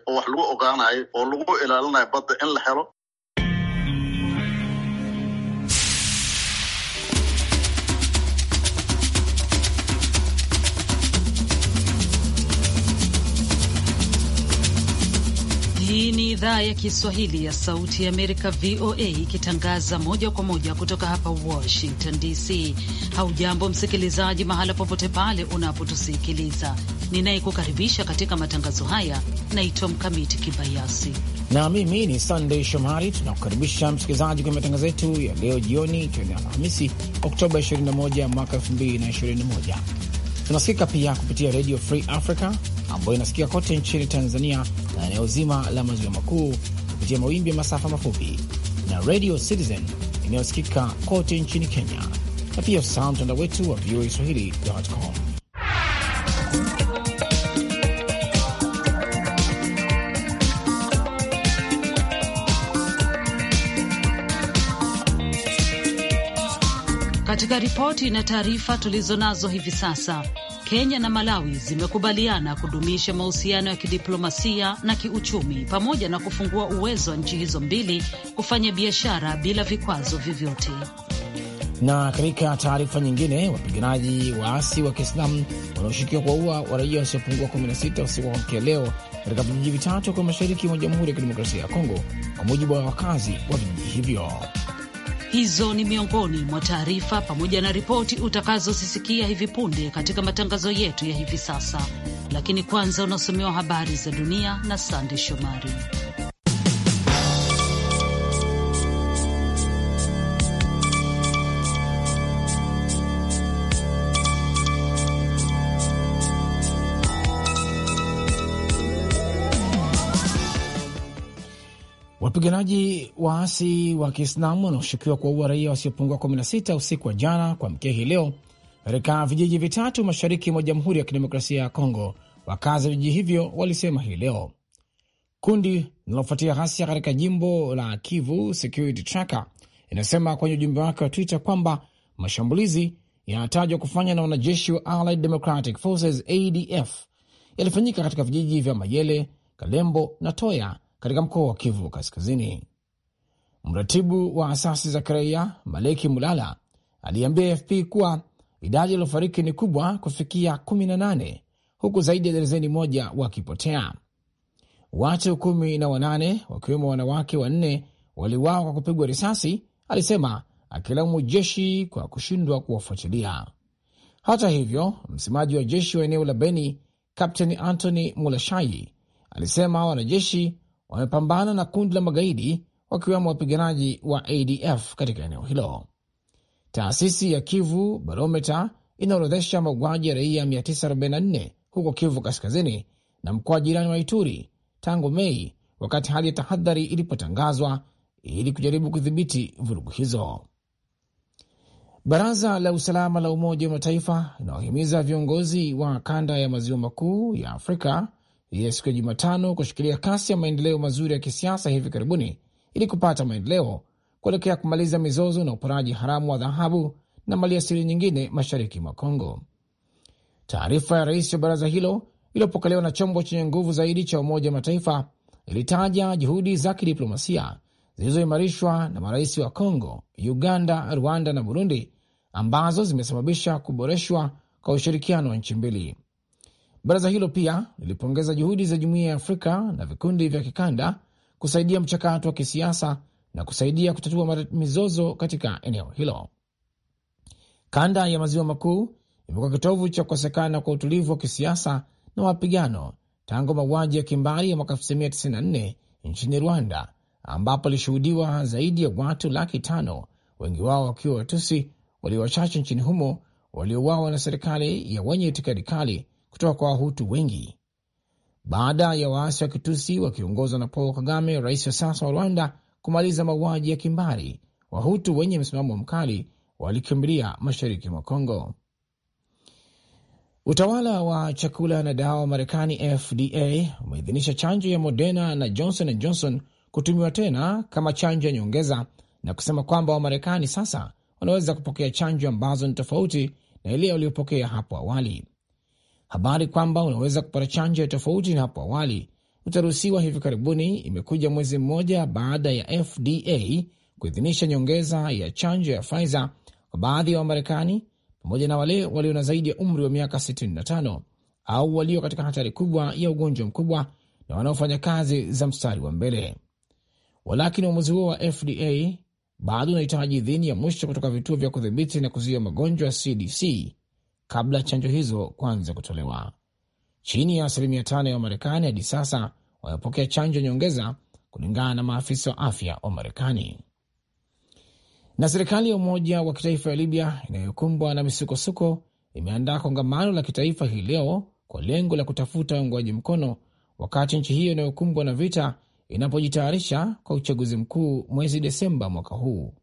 oo wax lagu ogaanayo oo lagu ilaalinayo badda in la helo Hii ni idhaa ya Kiswahili ya Sauti ya Amerika, VOA, ikitangaza moja kwa moja kutoka hapa Washington DC. Haujambo msikilizaji, mahala popote pale unapotusikiliza. Ninayekukaribisha katika matangazo haya naitwa Mkamiti Kibayasi na mimi ni Sandey Shomari. Tunakukaribisha msikilizaji kwenye matangazo yetu ya leo jioni, ikiwa ni Alhamisi Oktoba 21 mwaka 2021 Tunasikika pia kupitia Radio Free Africa ambayo inasikika kote nchini Tanzania na eneo zima la maziwa makuu kupitia mawimbi ya masafa mafupi na Radio Citizen inayosikika kote nchini Kenya na pia usahau mtandao wetu wa VOA Swahili.com. Katika ripoti na taarifa tulizo nazo hivi sasa, Kenya na Malawi zimekubaliana kudumisha mahusiano ya kidiplomasia na kiuchumi pamoja na kufungua uwezo wa nchi hizo mbili kufanya biashara bila vikwazo vyovyote. Na katika taarifa nyingine, wapiganaji waasi wa Kiislamu wanaoshukiwa ua wa raia wasiopungua 16 usiku wa kuamkia leo katika vijiji vitatu kwa mashariki mwa Jamhuri ya Kidemokrasia ya Kongo, kwa mujibu wa wakazi wa vijiji hivyo. Hizo ni miongoni mwa taarifa pamoja na ripoti utakazosisikia hivi punde katika matangazo yetu ya hivi sasa, lakini kwanza unasomewa habari za dunia na Sande Shomari. Wapiganaji waasi wa Kiislamu wanaoshukiwa kuwaua raia wasiopungua 16 usiku wa jana kwa mkia hii leo katika vijiji vitatu mashariki mwa Jamhuri ya Kidemokrasia ya Kongo, wakazi wa vijiji hivyo walisema hii leo. Kundi linalofuatia ghasia katika jimbo la Kivu, Security Tracker, inasema kwenye ujumbe wake wa Twitter kwamba mashambulizi yanatajwa kufanywa na wanajeshi wa Allied Democratic Forces, ADF, yalifanyika katika vijiji vya Mayele, Kalembo na Toya katika mkoa wa Kivu Kaskazini. Mratibu wa asasi za kiraia Maleki Mulala aliambia AFP kuwa idadi iliofariki ni kubwa kufikia 18 huku zaidi ya darzeni moja wakipotea. Watu kumi na wanane wakiwemo wanawake wanne waliuawa kwa kupigwa risasi, alisema akilaumu jeshi kwa kushindwa kuwafuatilia. Hata hivyo, msemaji wa jeshi wa eneo la Beni Kapteni Antony Mulashai alisema wanajeshi wamepambana na kundi la magaidi wakiwemo wapiganaji wa ADF katika eneo hilo. Taasisi ya Kivu Barometa inaorodhesha mauaji ya raia 944 huko Kivu Kaskazini na mkoa jirani wa Ituri tangu Mei, wakati hali ya tahadhari ilipotangazwa ili kujaribu kudhibiti vurugu hizo. Baraza la Usalama la Umoja wa Mataifa linawahimiza viongozi wa kanda ya maziwa makuu ya Afrika ya siku ya Jumatano kushikilia kasi ya maendeleo mazuri ya kisiasa hivi karibuni ili kupata maendeleo kuelekea kumaliza mizozo na uporaji haramu wa dhahabu na maliasili nyingine mashariki mwa Kongo. Taarifa ya rais wa baraza hilo iliyopokelewa na chombo chenye nguvu zaidi cha Umoja wa Mataifa ilitaja juhudi za kidiplomasia zilizoimarishwa na marais wa Kongo, Uganda, Rwanda na Burundi ambazo zimesababisha kuboreshwa kwa ushirikiano wa nchi mbili. Baraza hilo pia lilipongeza juhudi za jumuiya ya Afrika na vikundi vya kikanda kusaidia mchakato wa kisiasa na kusaidia kutatua mizozo katika eneo hilo. Kanda ya maziwa makuu imekuwa kitovu cha kukosekana kwa utulivu wa kisiasa na mapigano tangu mauaji ya kimbari ya mwaka 1994 nchini Rwanda, ambapo ilishuhudiwa zaidi ya watu laki tano, wengi wao wakiwa Watusi walio wachache nchini humo, waliouawa na serikali ya wenye itikadi kali kutoka kwa Wahutu wengi baada ya waasi wa Kitusi wakiongozwa na Paul Kagame, rais wa sasa wa Rwanda, kumaliza mauaji ya kimbari. Wahutu wenye msimamo mkali walikimbilia mashariki mwa Kongo. Utawala wa chakula na dawa wa Marekani, FDA, umeidhinisha chanjo ya Moderna na Johnson and Johnson kutumiwa tena kama chanjo ya nyongeza na kusema kwamba Wamarekani sasa wanaweza kupokea chanjo ambazo ni tofauti na ile waliopokea hapo awali. Habari kwamba unaweza kupata chanjo ya tofauti na hapo awali utaruhusiwa hivi karibuni imekuja mwezi mmoja baada ya FDA kuidhinisha nyongeza ya chanjo ya Pfizer kwa baadhi ya Wamarekani pamoja na wale walio na zaidi ya umri wa miaka 65 au walio katika hatari kubwa ya ugonjwa mkubwa na wanaofanya kazi za mstari wa mbele. Walakini, uamuzi huo wa FDA bado unahitaji idhini ya mwisho kutoka vituo vya kudhibiti na kuzuia magonjwa CDC kabla ya chanjo hizo kuanza kutolewa. Chini ya asilimia tano ya Wamarekani hadi sasa wamepokea chanjo nyongeza, kulingana na maafisa wa afya wa Marekani. Na serikali ya Umoja wa Kitaifa ya Libya inayokumbwa na misukosuko imeandaa kongamano la kitaifa hii leo kwa lengo la kutafuta uungwaji mkono wakati nchi hiyo inayokumbwa na vita inapojitayarisha kwa uchaguzi mkuu mwezi Desemba mwaka huu.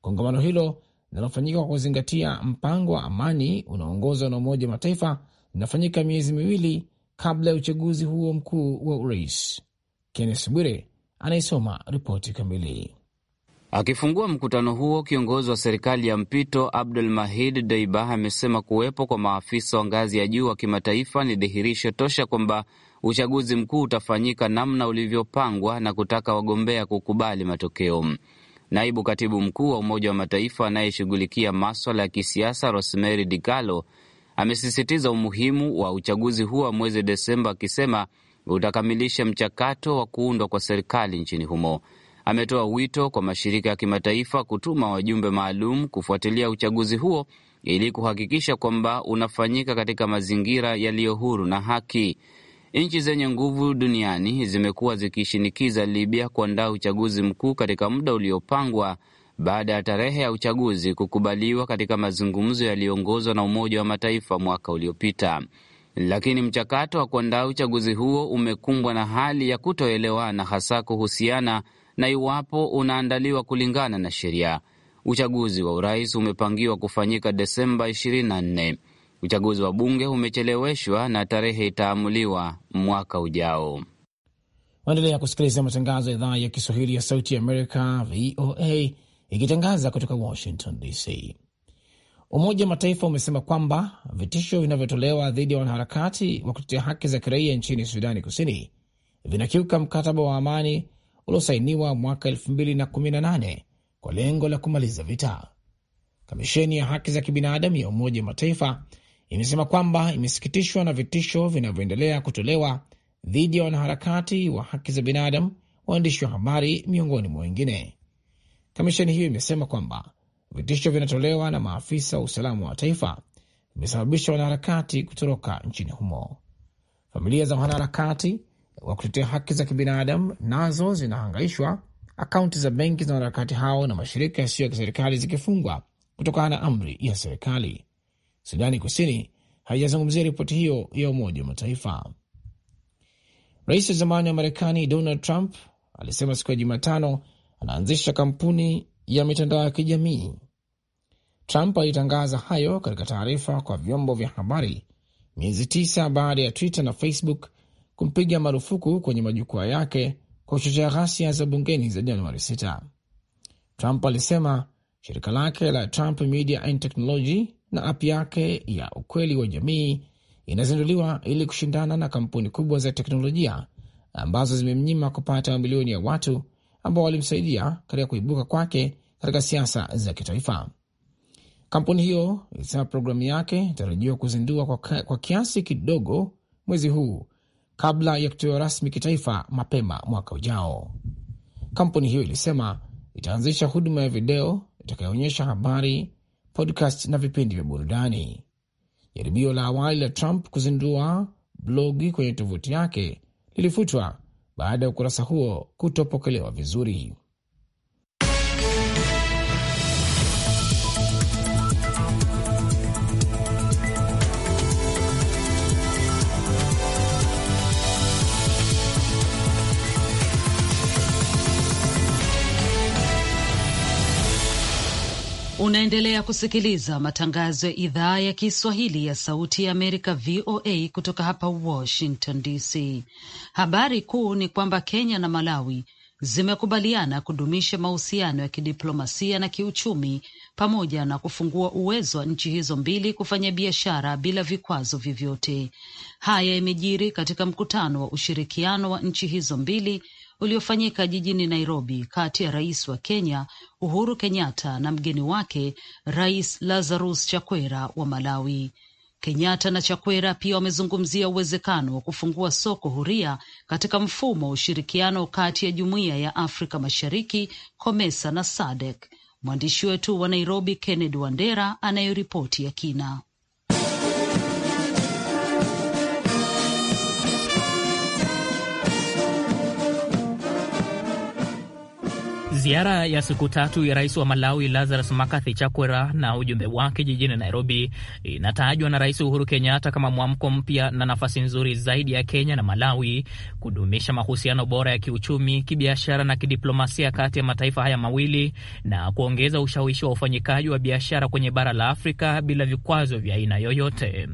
Kongamano hilo linalofanyika kwa kuzingatia mpango wa amani unaoongozwa na Umoja wa Mataifa linafanyika miezi miwili kabla ya uchaguzi huo mkuu wa urais. Kennes Bwire anayesoma ripoti kamili. Akifungua mkutano huo, kiongozi wa serikali ya mpito Abdul Mahid Deiba amesema kuwepo kwa maafisa wa ngazi ya juu wa kimataifa ni dhihirisho tosha kwamba uchaguzi mkuu utafanyika namna ulivyopangwa na kutaka wagombea kukubali matokeo. Naibu katibu mkuu wa Umoja wa Mataifa anayeshughulikia maswala ya kisiasa Rosemary DiCarlo amesisitiza umuhimu wa uchaguzi huo wa mwezi Desemba, akisema utakamilisha mchakato wa kuundwa kwa serikali nchini humo. Ametoa wito kwa mashirika ya kimataifa kutuma wajumbe maalum kufuatilia uchaguzi huo ili kuhakikisha kwamba unafanyika katika mazingira yaliyo huru na haki. Nchi zenye nguvu duniani zimekuwa zikishinikiza Libya kuandaa uchaguzi mkuu katika muda uliopangwa baada ya tarehe ya uchaguzi kukubaliwa katika mazungumzo yaliyoongozwa na Umoja wa Mataifa mwaka uliopita. Lakini mchakato wa kuandaa uchaguzi huo umekumbwa na hali ya kutoelewana, hasa kuhusiana na iwapo unaandaliwa kulingana na sheria. Uchaguzi wa urais umepangiwa kufanyika Desemba 24. Uchaguzi wa bunge umecheleweshwa na tarehe itaamuliwa mwaka ujao. Waendelea kusikiliza matangazo ya idhaa ya Kiswahili ya Sauti ya Amerika, VOA, ikitangaza kutoka Washington DC. Umoja wa Mataifa umesema kwamba vitisho vinavyotolewa dhidi ya wanaharakati wa kutetea haki za kiraia nchini Sudani Kusini vinakiuka mkataba wa amani uliosainiwa mwaka 2018 kwa lengo la kumaliza vita. Kamisheni ya haki za kibinadamu ya Umoja wa Mataifa imesema kwamba imesikitishwa na vitisho vinavyoendelea kutolewa dhidi ya wanaharakati wa haki za binadamu, waandishi wa habari, miongoni mwa wengine. Kamisheni hiyo imesema kwamba vitisho vinatolewa na maafisa wa usalama wa taifa vimesababisha wanaharakati kutoroka nchini humo. Familia za wanaharakati wa kutetea haki za kibinadamu nazo zinahangaishwa, akaunti za benki za wanaharakati hao na mashirika yasiyo ya kiserikali zikifungwa kutokana na amri ya serikali. Sudani Kusini haijazungumzia ripoti hiyo ya Umoja wa Mataifa. Rais wa zamani wa Marekani Donald Trump alisema siku ya Jumatano anaanzisha kampuni ya mitandao ya kijamii. Trump alitangaza hayo katika taarifa kwa vyombo vya habari miezi tisa baada ya Twitter na Facebook kumpiga marufuku kwenye majukwaa yake kwa kuchochea ghasia za bungeni za Januari 6. Trump alisema shirika lake la Trump Media and Technology na app yake ya ukweli wa jamii inazinduliwa ili kushindana na kampuni kubwa za teknolojia ambazo zimemnyima kupata mamilioni ya watu ambao walimsaidia katika kuibuka kwake katika siasa za kitaifa. Kampuni hiyo ilisema programu yake inatarajiwa kuzindua kwa, kwa kiasi kidogo mwezi huu kabla ya kutolewa rasmi kitaifa mapema mwaka ujao. Kampuni hiyo ilisema itaanzisha huduma ya video itakayoonyesha habari podcast na vipindi vya burudani. Jaribio la awali la Trump kuzindua blogi kwenye tovuti yake lilifutwa baada ya ukurasa huo kutopokelewa vizuri. Unaendelea kusikiliza matangazo ya idhaa ya Kiswahili ya Sauti ya Amerika, VOA, kutoka hapa Washington DC. Habari kuu ni kwamba Kenya na Malawi zimekubaliana kudumisha mahusiano ya kidiplomasia na kiuchumi pamoja na kufungua uwezo wa nchi hizo mbili kufanya biashara bila vikwazo vyovyote. Haya yamejiri katika mkutano wa ushirikiano wa nchi hizo mbili uliofanyika jijini Nairobi kati ya rais wa Kenya Uhuru Kenyatta na mgeni wake Rais Lazarus Chakwera wa Malawi. Kenyatta na Chakwera pia wamezungumzia uwezekano wa kufungua soko huria katika mfumo wa ushirikiano kati ya Jumuiya ya Afrika Mashariki, COMESA na SADC. Mwandishi wetu wa Nairobi Kennedy Wandera anayoripoti ya kina. Ziara ya siku tatu ya rais wa Malawi Lazarus Makathi Chakwera na ujumbe wake jijini Nairobi inatajwa na Rais Uhuru Kenyatta kama mwamko mpya na nafasi nzuri zaidi ya Kenya na Malawi kudumisha mahusiano bora ya kiuchumi, kibiashara na kidiplomasia kati ya mataifa haya mawili na kuongeza ushawishi wa ufanyikaji wa biashara kwenye bara la Afrika bila vikwazo vya aina yoyote.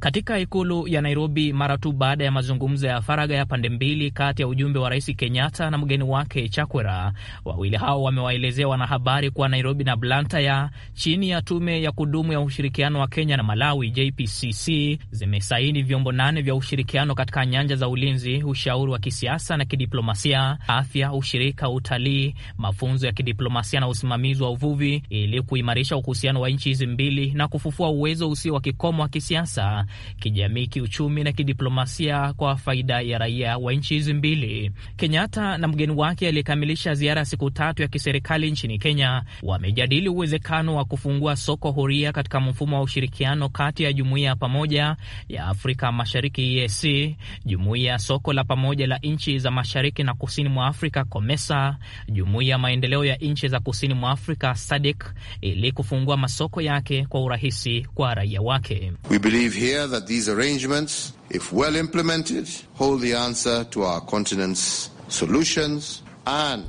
Katika ikulu ya Nairobi, mara tu baada ya mazungumzo ya faraga ya pande mbili kati ya ujumbe wa Rais Kenyatta na mgeni wake Chakwera wa Wawili hao wamewaelezea wanahabari kuwa Nairobi na Blantaya chini ya tume ya kudumu ya ushirikiano wa Kenya na Malawi JPCC zimesaini vyombo nane vya ushirikiano katika nyanja za ulinzi, ushauri wa kisiasa na kidiplomasia, afya, ushirika, utalii, mafunzo ya kidiplomasia na usimamizi wa uvuvi ili kuimarisha uhusiano wa nchi hizi mbili na kufufua uwezo usio wa kikomo wa kisiasa, kijamii, kiuchumi na kidiplomasia kwa faida ya raia wa nchi hizi mbili. Kenyatta na mgeni wake aliyekamilisha ziara siku matatu ya kiserikali nchini Kenya wamejadili uwezekano wa kufungua soko huria katika mfumo wa ushirikiano kati ya jumuiya ya pamoja ya Afrika Mashariki EAC, jumuiya ya soko la pamoja la nchi za mashariki na kusini mwa Afrika COMESA, jumuiya ya maendeleo ya nchi za kusini mwa Afrika SADC ili kufungua masoko yake kwa urahisi kwa raia wake. We believe here that these arrangements if well implemented hold the answer to our continent's solutions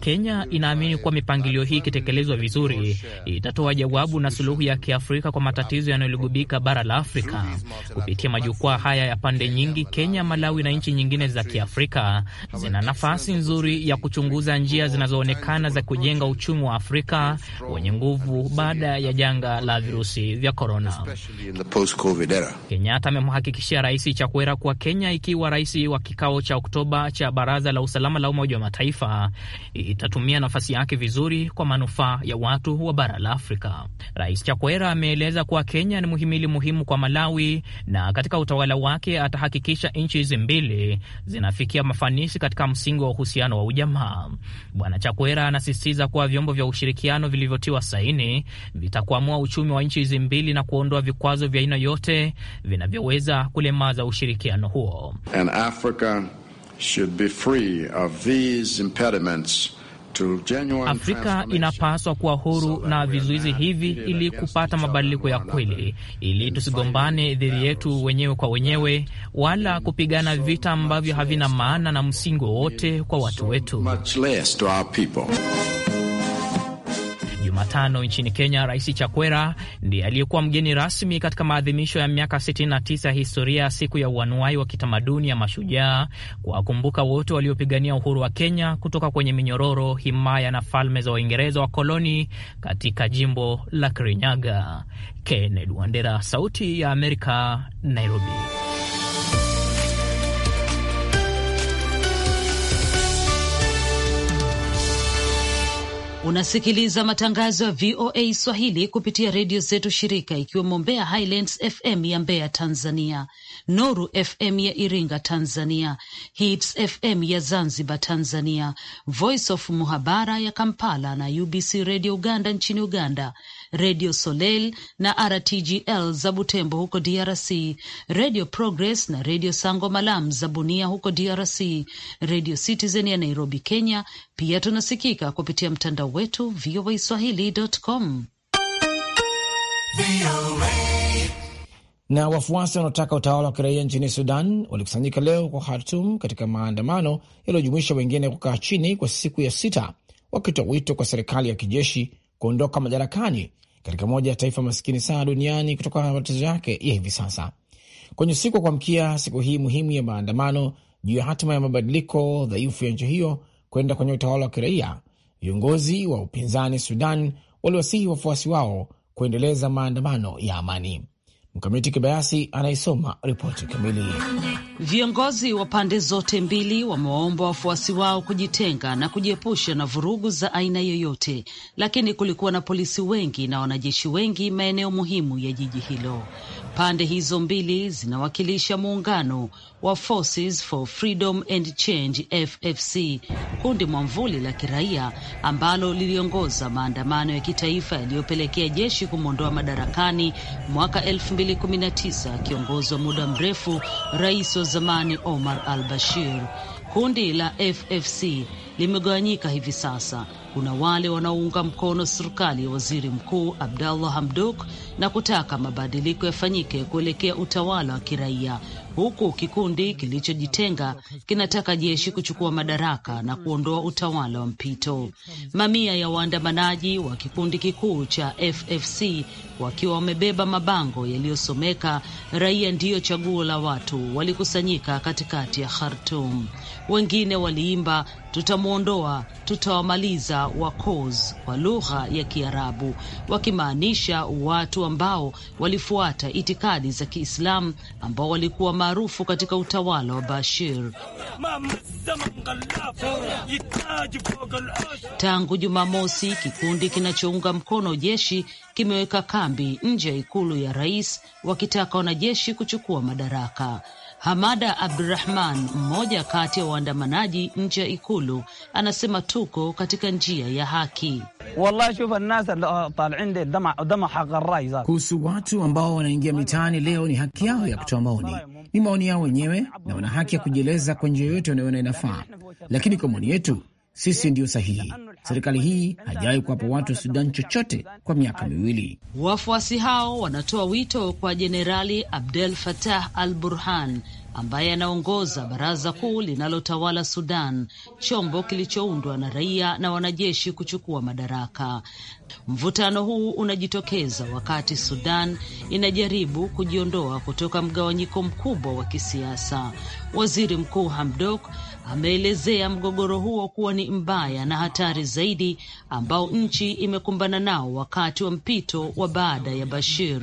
Kenya inaamini kuwa mipangilio hii ikitekelezwa vizuri itatoa jawabu na suluhu ya kiafrika kwa matatizo yanayoligubika bara la Afrika. Kupitia majukwaa haya ya pande nyingi, Kenya, Malawi na nchi nyingine za kiafrika zina nafasi nzuri ya kuchunguza njia zinazoonekana za kujenga uchumi wa Afrika wenye nguvu baada ya janga la virusi vya korona. Kenyatta amemhakikishia Rais Chakwera kuwa Kenya ikiwa rais wa kikao cha Oktoba cha Baraza la Usalama la Umoja wa Mataifa itatumia nafasi yake vizuri kwa manufaa ya watu wa bara la Afrika. Rais Chakwera ameeleza kuwa Kenya ni muhimili muhimu kwa Malawi na katika utawala wake atahakikisha nchi hizi mbili zinafikia mafanisi katika msingi wa uhusiano wa ujamaa. Bwana Chakwera anasisitiza kuwa vyombo vya ushirikiano vilivyotiwa saini vitakwamua uchumi wa nchi hizi mbili na kuondoa vikwazo vya aina yote vinavyoweza kulemaza ushirikiano huo And Africa... Afrika inapaswa kuwa huru so na vizuizi hivi ili kupata mabadiliko ya kweli, ili tusigombane dhidi yetu wenyewe kwa wenyewe, wala kupigana vita ambavyo havina maana na msingi wowote kwa watu wetu. Jumatano nchini Kenya, Rais Chakwera ndiye aliyekuwa mgeni rasmi katika maadhimisho ya miaka 69 ya historia ya siku ya uanuai wa kitamaduni ya mashujaa, kuwakumbuka wote waliopigania uhuru wa Kenya kutoka kwenye minyororo, himaya na falme za Waingereza wa koloni katika jimbo la Kirinyaga. Kennedy Wandera, Sauti ya Amerika, Nairobi. Unasikiliza matangazo ya VOA Swahili kupitia redio zetu shirika, ikiwemo Mbeya Highlands FM ya Mbeya Tanzania, Noru FM ya Iringa Tanzania, Hits FM ya Zanzibar Tanzania, Voice of Muhabara ya Kampala na UBC Radio Uganda nchini Uganda, Redio Soleil na RTGL za Butembo huko DRC, Redio Progress na Redio Sango Malam za Bunia huko DRC, Redio Citizen ya Nairobi, Kenya. Pia tunasikika kupitia mtandao wetu VOA Swahili.com na wafuasi wanaotaka utawala wa kiraia nchini Sudan walikusanyika leo kwa Khartum katika maandamano yaliyojumuisha wengine kukaa chini kwa siku ya sita wakitoa wito kwa serikali ya kijeshi kuondoka madarakani katika moja ya taifa maskini sana duniani kutokana na matatizo yake ya hivi sasa. Kwenye usiku wa kuamkia siku hii muhimu ya maandamano juu ya hatima ya mabadiliko dhaifu ya nchi hiyo kwenda kwenye utawala wa kiraia, viongozi wa upinzani Sudan waliwasihi wafuasi wao kuendeleza maandamano ya amani. Mkamiti Kibayasi anaisoma ripoti kamili. Viongozi wa pande zote mbili wamewaomba wafuasi wao kujitenga na kujiepusha na vurugu za aina yoyote, lakini kulikuwa na polisi wengi na wanajeshi wengi maeneo muhimu ya jiji hilo. Pande hizo mbili zinawakilisha muungano wa Forces for Freedom and Change FFC, kundi mwamvuli la kiraia ambalo liliongoza maandamano ya kitaifa yaliyopelekea jeshi kumwondoa madarakani mwaka 2019 akiongozwa muda mrefu rais wa zamani Omar al-Bashir. Kundi la FFC limegawanyika hivi sasa. Kuna wale wanaounga mkono serikali ya waziri mkuu Abdallah Hamdok na kutaka mabadiliko yafanyike kuelekea utawala wa kiraia huku kikundi kilichojitenga kinataka jeshi kuchukua madaraka na kuondoa utawala wa mpito. Mamia ya waandamanaji wa kikundi kikuu cha FFC wakiwa wamebeba mabango yaliyosomeka raia ndiyo chaguo la watu, walikusanyika katikati ya khartum Wengine waliimba tutamwondoa, tutawamaliza Wakoz kwa lugha ya Kiarabu, wakimaanisha watu ambao walifuata itikadi za Kiislamu ambao walikuwa maarufu katika utawala wa Bashir. Tangu Jumamosi, kikundi kinachounga mkono jeshi kimeweka kambi nje ya ikulu ya rais wakitaka wanajeshi kuchukua madaraka. Hamada Abdurahman, mmoja kati ya waandamanaji nje ya Ikulu, anasema tuko katika njia ya haki. Uh, Kuhusu watu ambao wanaingia mitaani leo, ni haki yao ya kutoa maoni, ni maoni yao wenyewe, na wana haki ya kujieleza kwa njia yoyote wanayoona inafaa, lakini kwa maoni yetu sisi ndiyo sahihi. Serikali hii haijawahi kuwapa watu wa Sudan chochote kwa miaka miwili. Wafuasi hao wanatoa wito kwa Jenerali Abdel Fattah al Burhan ambaye anaongoza baraza kuu linalotawala Sudan, chombo kilichoundwa na raia na wanajeshi kuchukua madaraka. Mvutano huu unajitokeza wakati Sudan inajaribu kujiondoa kutoka mgawanyiko mkubwa wa kisiasa. Waziri Mkuu Hamdok ameelezea mgogoro huo kuwa ni mbaya na hatari zaidi ambao nchi imekumbana nao wakati wa mpito wa baada ya Bashir.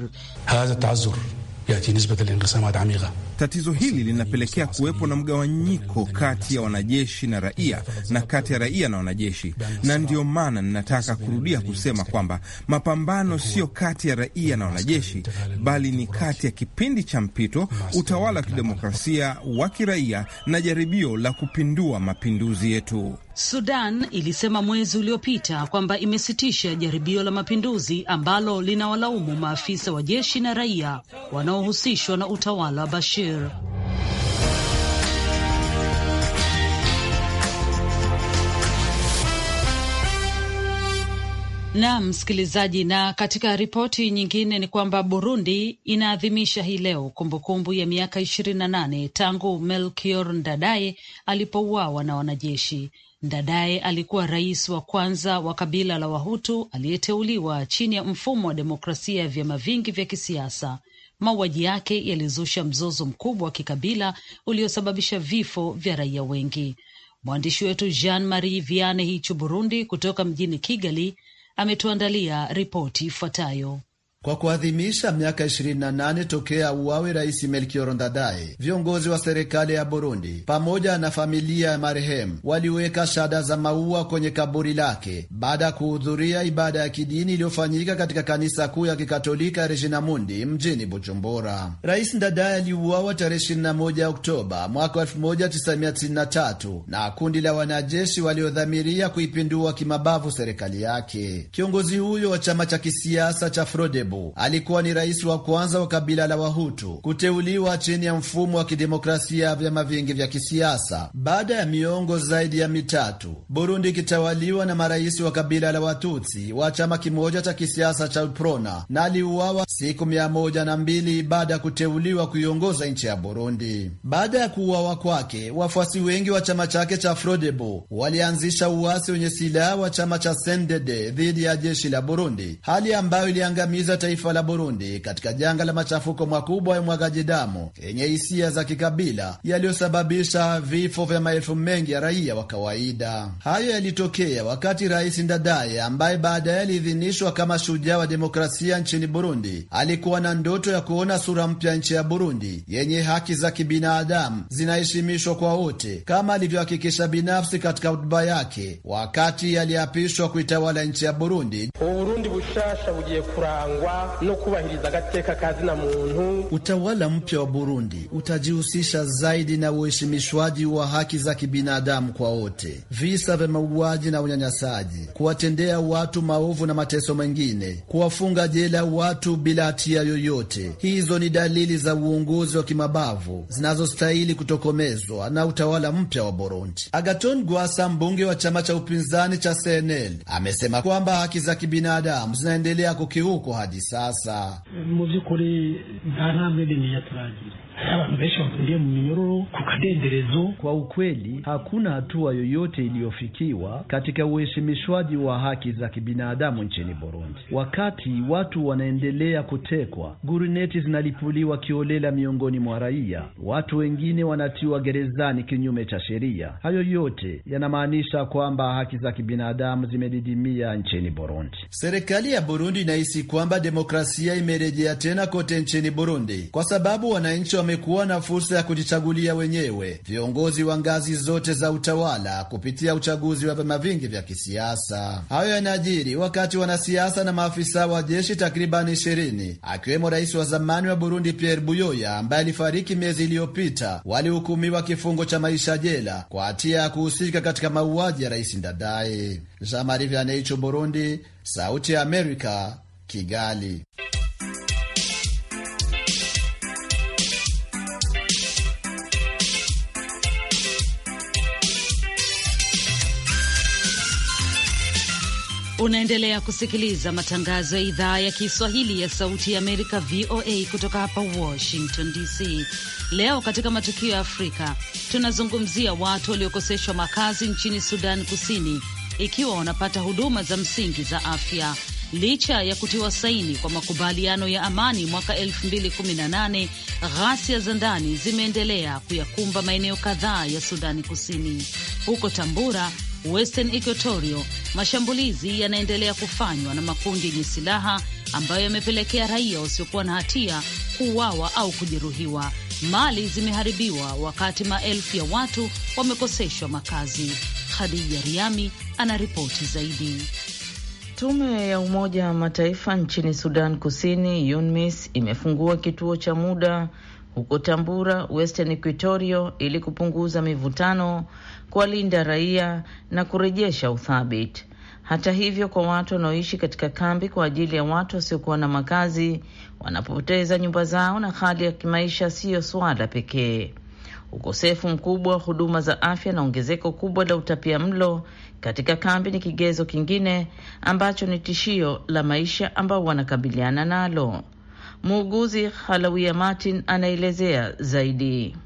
Tatizo hili linapelekea kuwepo na mgawanyiko kati ya wanajeshi na raia na kati ya raia na wanajeshi, na ndiyo maana ninataka kurudia kusema kwamba mapambano sio kati ya raia na wanajeshi, bali ni kati ya kipindi cha mpito, utawala wa kidemokrasia wa kiraia na jaribio la kupindua mapinduzi yetu. Sudan ilisema mwezi uliopita kwamba imesitisha jaribio la mapinduzi ambalo linawalaumu maafisa wa jeshi na raia wanaohusishwa na utawala wa Bashir. Na msikilizaji, na katika ripoti nyingine ni kwamba Burundi inaadhimisha hii leo kumbukumbu ya miaka ishirini na nane tangu Melchior Ndadaye alipouawa na wanajeshi. Ndadaye alikuwa rais wa kwanza wa kabila la Wahutu aliyeteuliwa chini ya mfumo wa demokrasia ya vyama vingi vya kisiasa. Mauaji yake yalizusha mzozo mkubwa wa kikabila uliosababisha vifo vya raia wengi. Mwandishi wetu Jean Marie Viane Hichu Burundi kutoka mjini Kigali ametuandalia ripoti ifuatayo kwa kuadhimisha miaka 28 tokea uawe Rais melkioro Ndadaye, viongozi wa serikali ya Burundi pamoja na familia ya marehemu waliweka shada za maua kwenye kaburi lake baada ya kuhudhuria ibada ya kidini iliyofanyika katika kanisa kuu ya kikatolika ya Regina Mundi mjini Bujumbura. Rais Ndadaye aliuawa tarehe 21 Oktoba mwaka 1993 na kundi la wanajeshi waliodhamiria kuipindua kimabavu serikali yake. Kiongozi huyo wa chama cha kisiasa cha Frodebo Tembo alikuwa ni rais wa kwanza wa kabila la Wahutu kuteuliwa chini ya mfumo wa kidemokrasia ya vyama vingi vya kisiasa baada ya miongo zaidi ya mitatu, Burundi ikitawaliwa na marais wa kabila la Watutsi wa chama kimoja cha kisiasa cha UPRONA, na aliuawa siku mia moja na mbili baada ya kuteuliwa kuiongoza nchi ya Burundi. Baada ya kuuawa kwake, wafuasi wengi wa chama chake cha Frodebo walianzisha uasi wenye silaha wa chama cha CNDD dhidi ya jeshi la Burundi, hali ambayo iliangamiza taifa la Burundi katika janga la machafuko makubwa ya mwagaji damu yenye hisia za kikabila yaliyosababisha vifo vya maelfu mengi ya raia wa kawaida. Hayo yalitokea wakati Rais Ndadaye ambaye baadaye aliidhinishwa kama shujaa wa demokrasia nchini Burundi alikuwa na ndoto ya kuona sura mpya nchi ya Burundi yenye haki za kibinadamu zinaheshimishwa kwa wote, kama alivyohakikisha binafsi katika hotuba yake wakati aliapishwa kuitawala nchi ya Burundi. Uburundi bushasha bugiye kurangwa no kubahiriza agateka ka muntu. Utawala mpya wa Burundi utajihusisha zaidi na uheshimishwaji wa haki za kibinadamu kwa wote. Visa vya mauaji na unyanyasaji, kuwatendea watu maovu na mateso mengine, kuwafunga jela watu bila hatia yoyote, hizo ni dalili za uongozi wa kimabavu zinazostahili kutokomezwa na utawala mpya wa Burundi. Agaton Gwasa, mbunge wa chama cha upinzani cha CNL, amesema kwamba haki za kibinadamu zinaendelea kukiukwa hadi sasa. Muzikuri nta ntambwe abantu benshi bafungiye mu minyororo ku kadenderezo. Kwa ukweli hakuna hatua yoyote iliyofikiwa katika uheshimishwaji wa haki za kibinadamu nchini Burundi. Wakati watu wanaendelea kutekwa, guruneti zinalipuliwa kiolela miongoni mwa raia, watu wengine wanatiwa gerezani kinyume cha sheria. Hayo yote yanamaanisha kwamba haki za kibinadamu zimedidimia nchini Burundi. Serikali ya Burundi inahisi kwamba demokrasia imerejea tena kote nchini Burundi kwa sababu wananchi wamekuwa na fursa ya kujichagulia wenyewe viongozi wa ngazi zote za utawala kupitia uchaguzi wa vyama vingi vya kisiasa. Hayo yanajiri wakati wanasiasa na maafisa wa jeshi takriban ishirini akiwemo rais wa zamani wa Burundi Pierre Buyoya ambaye alifariki miezi iliyopita walihukumiwa kifungo cha maisha jela kwa hatia ya kuhusika katika mauaji ya rais Ndadaye. Burundi, Sauti ya Amerika, Kigali. Unaendelea kusikiliza matangazo ya idhaa ya Kiswahili ya Sauti ya Amerika, VOA, kutoka hapa Washington DC. Leo katika matukio ya Afrika tunazungumzia watu waliokoseshwa makazi nchini Sudan Kusini ikiwa wanapata huduma za msingi za afya. Licha ya kutiwa saini kwa makubaliano ya amani mwaka 2018, ghasia za ndani zimeendelea kuyakumba maeneo kadhaa ya Sudani Kusini. Huko Tambura, Western Equatoria, mashambulizi yanaendelea kufanywa na makundi yenye silaha ambayo yamepelekea raia wasiokuwa na hatia kuuawa au kujeruhiwa. Mali zimeharibiwa wakati maelfu ya watu wamekoseshwa makazi. Khadija Riami anaripoti zaidi. Tume ya Umoja wa Mataifa nchini Sudan Kusini, UNMISS, imefungua kituo cha muda huko Tambura, Western Equatoria, ili kupunguza mivutano, kuwalinda raia na kurejesha uthabiti. Hata hivyo, kwa watu wanaoishi katika kambi kwa ajili ya watu wasiokuwa na makazi, wanapoteza nyumba zao na hali ya kimaisha siyo swala pekee. Ukosefu mkubwa wa huduma za afya na ongezeko kubwa la utapia mlo katika kambi ni kigezo kingine ambacho ni tishio la maisha ambao wanakabiliana nalo. Muuguzi Halawia Martin anaelezea zaidi.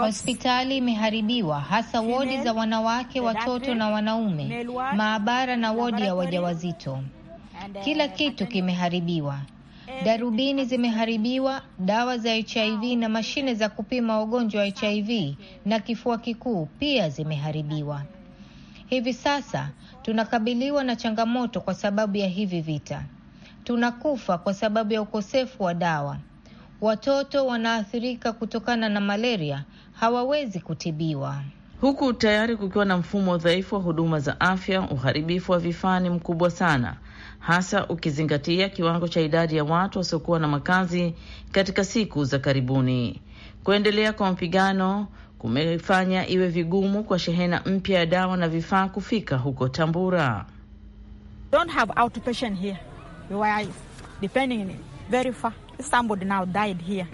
Hospitali imeharibiwa hasa wodi za wanawake, watoto na wanaume, maabara na wodi ya wajawazito. Uh, Kila kitu kimeharibiwa. Darubini zimeharibiwa, dawa za HIV na mashine za kupima wagonjwa wa HIV na kifua kikuu pia zimeharibiwa. Hivi sasa tunakabiliwa na changamoto kwa sababu ya hivi vita. Tunakufa kwa sababu ya ukosefu wa dawa watoto wanaathirika kutokana na malaria hawawezi kutibiwa, huku tayari kukiwa na mfumo dhaifu wa huduma za afya. Uharibifu wa vifaa ni mkubwa sana, hasa ukizingatia kiwango cha idadi ya watu wasiokuwa na makazi katika siku za karibuni. Kuendelea kwa mapigano kumefanya iwe vigumu kwa shehena mpya ya dawa na vifaa kufika huko Tambura. Don't have outpatient here. We are depending very far somebody now died here.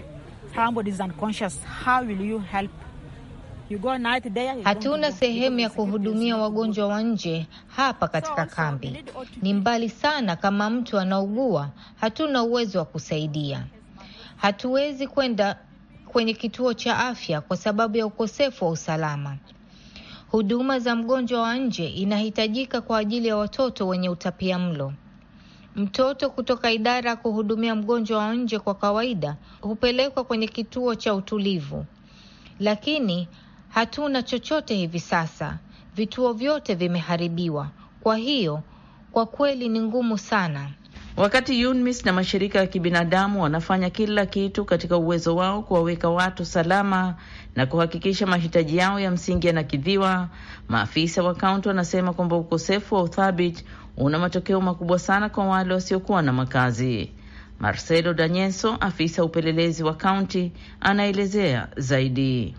Somebody is unconscious. How will you help? Hatuna sehemu ya kuhudumia wagonjwa wa nje hapa katika kambi, ni mbali sana. Kama mtu anaugua, hatuna uwezo wa kusaidia. Hatuwezi kwenda kwenye kituo cha afya kwa sababu ya ukosefu wa usalama. Huduma za mgonjwa wa nje inahitajika kwa ajili ya watoto wenye utapia mlo. Mtoto kutoka idara ya kuhudumia mgonjwa wa nje kwa kawaida hupelekwa kwenye kituo cha utulivu, lakini hatuna chochote hivi sasa. Vituo vyote vimeharibiwa, kwa hiyo kwa kweli ni ngumu sana. Wakati UNMISS na mashirika ya kibinadamu wanafanya kila kitu katika uwezo wao kuwaweka watu salama na kuhakikisha mahitaji yao ya msingi yanakidhiwa, maafisa wa kaunti wanasema kwamba ukosefu wa uthabiti una matokeo makubwa sana kwa wale wasiokuwa na makazi. Marcelo Danyeso, afisa upelelezi wa kaunti, anaelezea zaidi.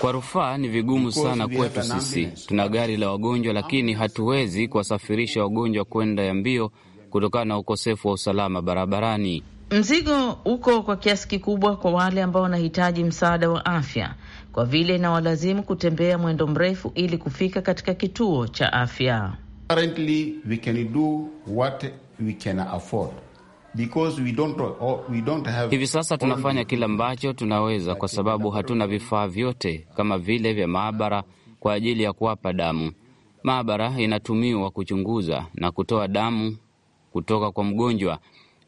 Kwa rufaa ni vigumu Because sana kwetu sisi, tuna gari la wagonjwa lakini hatuwezi kuwasafirisha wagonjwa kwenda ya mbio kutokana na ukosefu wa usalama barabarani. Mzigo uko kwa kiasi kikubwa kwa wale ambao wanahitaji msaada wa afya kwa vile inawalazimu kutembea mwendo mrefu ili kufika katika kituo cha afya. Currently we can do what we can afford. We don't, we don't have... Hivi sasa tunafanya kila ambacho tunaweza kwa sababu hatuna vifaa vyote kama vile vya maabara kwa ajili ya kuwapa damu. Maabara inatumiwa kuchunguza na kutoa damu kutoka kwa mgonjwa.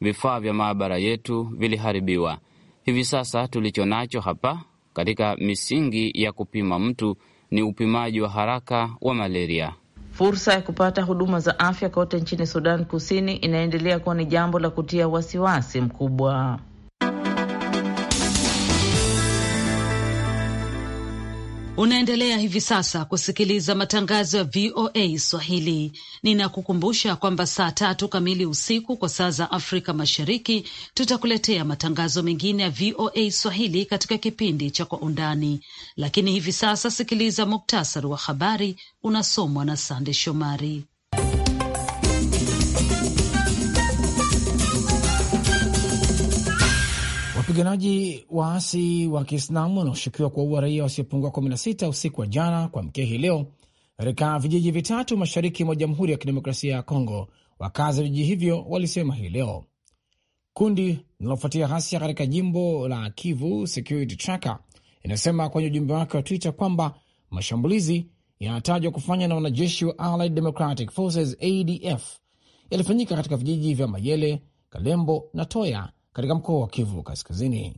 Vifaa vya maabara yetu viliharibiwa. Hivi sasa tulicho nacho hapa katika misingi ya kupima mtu ni upimaji wa haraka wa malaria. Fursa ya kupata huduma za afya kote nchini Sudan Kusini inaendelea kuwa ni jambo la kutia wasiwasi mkubwa. Unaendelea hivi sasa kusikiliza matangazo ya VOA Swahili. Ninakukumbusha kwamba saa tatu kamili usiku kwa saa za Afrika Mashariki tutakuletea matangazo mengine ya VOA Swahili katika kipindi cha Kwa Undani, lakini hivi sasa sikiliza muktasari wa habari unasomwa na Sande Shomari. Wapiganaji waasi wa Kiislamu wanaoshukiwa kuwaua raia wasiopungua 16 usiku wa jana kuamkia hii leo katika vijiji vitatu mashariki mwa Jamhuri ya Kidemokrasia ya Kongo, wakazi wa vijiji hivyo walisema hii leo. Kundi linalofuatia ghasia katika jimbo la Kivu, Security Tracker, inasema kwenye ujumbe wake wa Twitter kwamba mashambulizi yanatajwa kufanywa na wanajeshi wa Allied Democratic Forces, ADF, yalifanyika katika vijiji vya Mayele, Kalembo na Toya katika mkoa wa Kivu Kaskazini.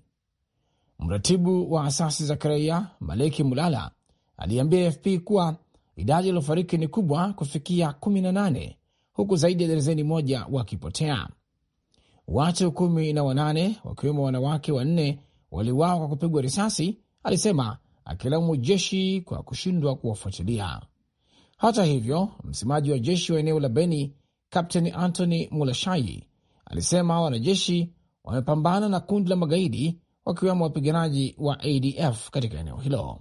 Mratibu wa asasi za kiraia Maleki Mulala aliambia AFP kuwa idadi iliyofariki ni kubwa kufikia 18 huku zaidi ya darzeni moja wakipotea. Watu kumi na wanane wakiwemo wanawake wanne waliwawa kwa kupigwa risasi, alisema, akilaumu jeshi kwa kushindwa kuwafuatilia. Hata hivyo, msemaji wa jeshi wa eneo la Beni Kapteni Antony Mulashai alisema wanajeshi wamepambana na kundi la magaidi wakiwemo wapiganaji wa ADF katika eneo hilo.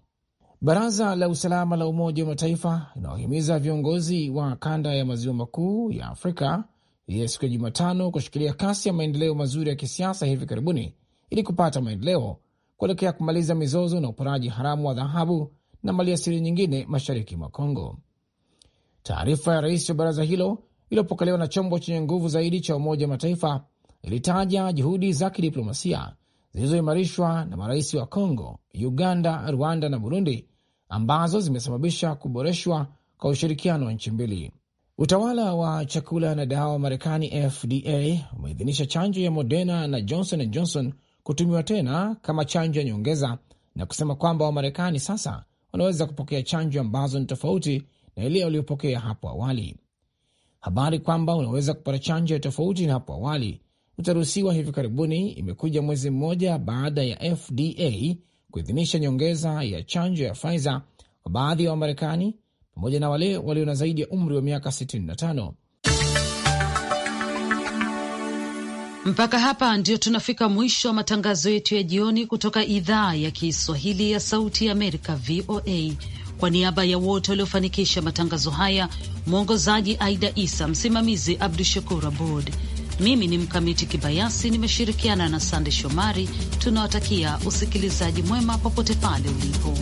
Baraza la usalama la Umoja wa Mataifa linawahimiza viongozi wa kanda ya maziwa makuu ya Afrika ya siku ya Jumatano kushikilia kasi ya maendeleo mazuri ya kisiasa hivi karibuni ili kupata maendeleo kuelekea kumaliza mizozo na uporaji haramu wa dhahabu na maliasili nyingine mashariki mwa Kongo. Taarifa ya rais wa baraza hilo iliyopokelewa na chombo chenye nguvu zaidi cha Umoja wa Mataifa ilitaja juhudi za kidiplomasia zilizoimarishwa na marais wa congo Uganda, Rwanda na Burundi ambazo zimesababisha kuboreshwa kwa ushirikiano wa nchi mbili. Utawala wa chakula na dawa wa Marekani, FDA, umeidhinisha chanjo ya Moderna na Johnson and Johnson kutumiwa tena kama chanjo ya nyongeza na kusema kwamba Wamarekani sasa wanaweza kupokea chanjo ambazo ni tofauti na ile waliopokea hapo awali. Habari kwamba unaweza kupata chanjo ya tofauti na hapo awali utaruhusiwa hivi karibuni, imekuja mwezi mmoja baada ya FDA kuidhinisha nyongeza ya chanjo ya Pfizer kwa baadhi ya wa Wamarekani pamoja na wale walio na zaidi ya umri wa miaka 65. Mpaka hapa ndio tunafika mwisho wa matangazo yetu ya jioni kutoka idhaa ya Kiswahili ya Sauti ya Amerika, VOA. Kwa niaba ya wote waliofanikisha matangazo haya, mwongozaji Aida Isa, msimamizi Abdu Shakur Abud. Mimi ni Mkamiti Kibayasi, nimeshirikiana na Sande Shomari. Tunawatakia usikilizaji mwema popote pale ulipo.